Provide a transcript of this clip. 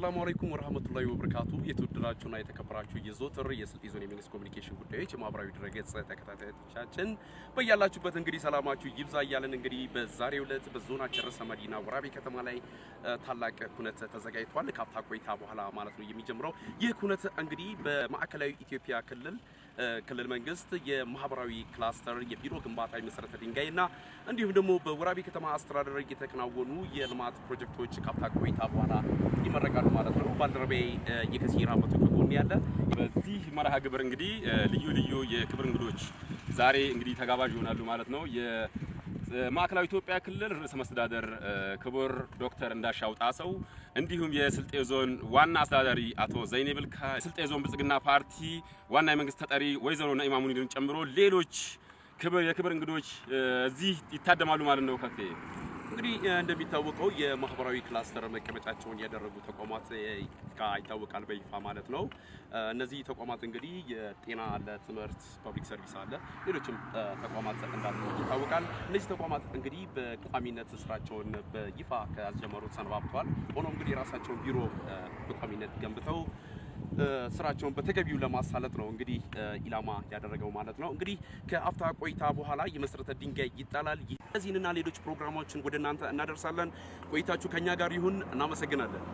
ሰላሙ አለይኩም ወራህመቱላሂ ወበረካቱ። የተወደዳችሁና የተከበራችሁ የዘወትር የስልጤ ዞን የመንግስት ኮሚኒኬሽን ጉዳዮች የማህበራዊ ድረገጽ ተከታታዮቻችን በያላችሁበት እንግዲህ ሰላማችሁ ይብዛ እያለን እንግዲህ በዛሬው ዕለት በዞናችን ርዕሰ መዲና ወራቤ ከተማ ላይ ታላቅ ኩነት ተዘጋጅቷል። ካፍታ ቆይታ በኋላ ማለት ነው የሚጀምረው። ይህ ኩነት እንግዲህ በማዕከላዊ ኢትዮጵያ ክልል ክልል መንግስት የማህበራዊ ክላስተር የቢሮ ግንባታ የመሰረተ ድንጋይና እንዲሁም ደግሞ በወራቤ ከተማ አስተዳደር የተከናወኑ የልማት ፕሮጀክቶች ካፍታ ቆይታ በኋላ ይመረቃሉ ማለት ነው። ባልደረቤ የከሲራ መቶ ከጎን ያለ በዚህ መርሃ ግብር እንግዲህ ልዩ ልዩ የክብር እንግዶች ዛሬ እንግዲህ ተጋባዥ ይሆናሉ ማለት ነው። ማዕከላዊ ኢትዮጵያ ክልል ርዕሰ መስተዳደር ክቡር ዶክተር እንዳሻው ጣሰው እንዲሁም የስልጤ ዞን ዋና አስተዳዳሪ አቶ ዘይኔ ብልካ የስልጤ ዞን ብልጽግና ፓርቲ ዋና የመንግስት ተጠሪ ወይዘሮ ነኢማ ሙኒድን ጨምሮ ሌሎች የክብር እንግዶች እዚህ ይታደማሉ ማለት ነው። ከፌ እንግዲህ እንደሚታወቀው የማህበራዊ ክላስተር መቀመጫቸውን ያደረጉ ተቋማት ይታወቃል በይፋ ማለት ነው። እነዚህ ተቋማት እንግዲህ የጤና አለ፣ ትምህርት፣ ፐብሊክ ሰርቪስ አለ፣ ሌሎችም ተቋማት እንዳሉ ይታወቃል። እነዚህ ተቋማት እንግዲህ በቋሚነት ስራቸውን በይፋ ካስጀመሩ ሰነባብተዋል። ሆኖም እንግዲህ የራሳቸውን ቢሮ በቋሚነት ገንብተው ስራቸውን በተገቢው ለማሳለጥ ነው እንግዲህ ኢላማ ያደረገው ማለት ነው። እንግዲህ ከአፍታ ቆይታ በኋላ የመሰረተ ድንጋይ ይጣላል። እነዚህንና ሌሎች ፕሮግራሞችን ወደ እናንተ እናደርሳለን። ቆይታችሁ ከኛ ጋር ይሁን። እናመሰግናለን።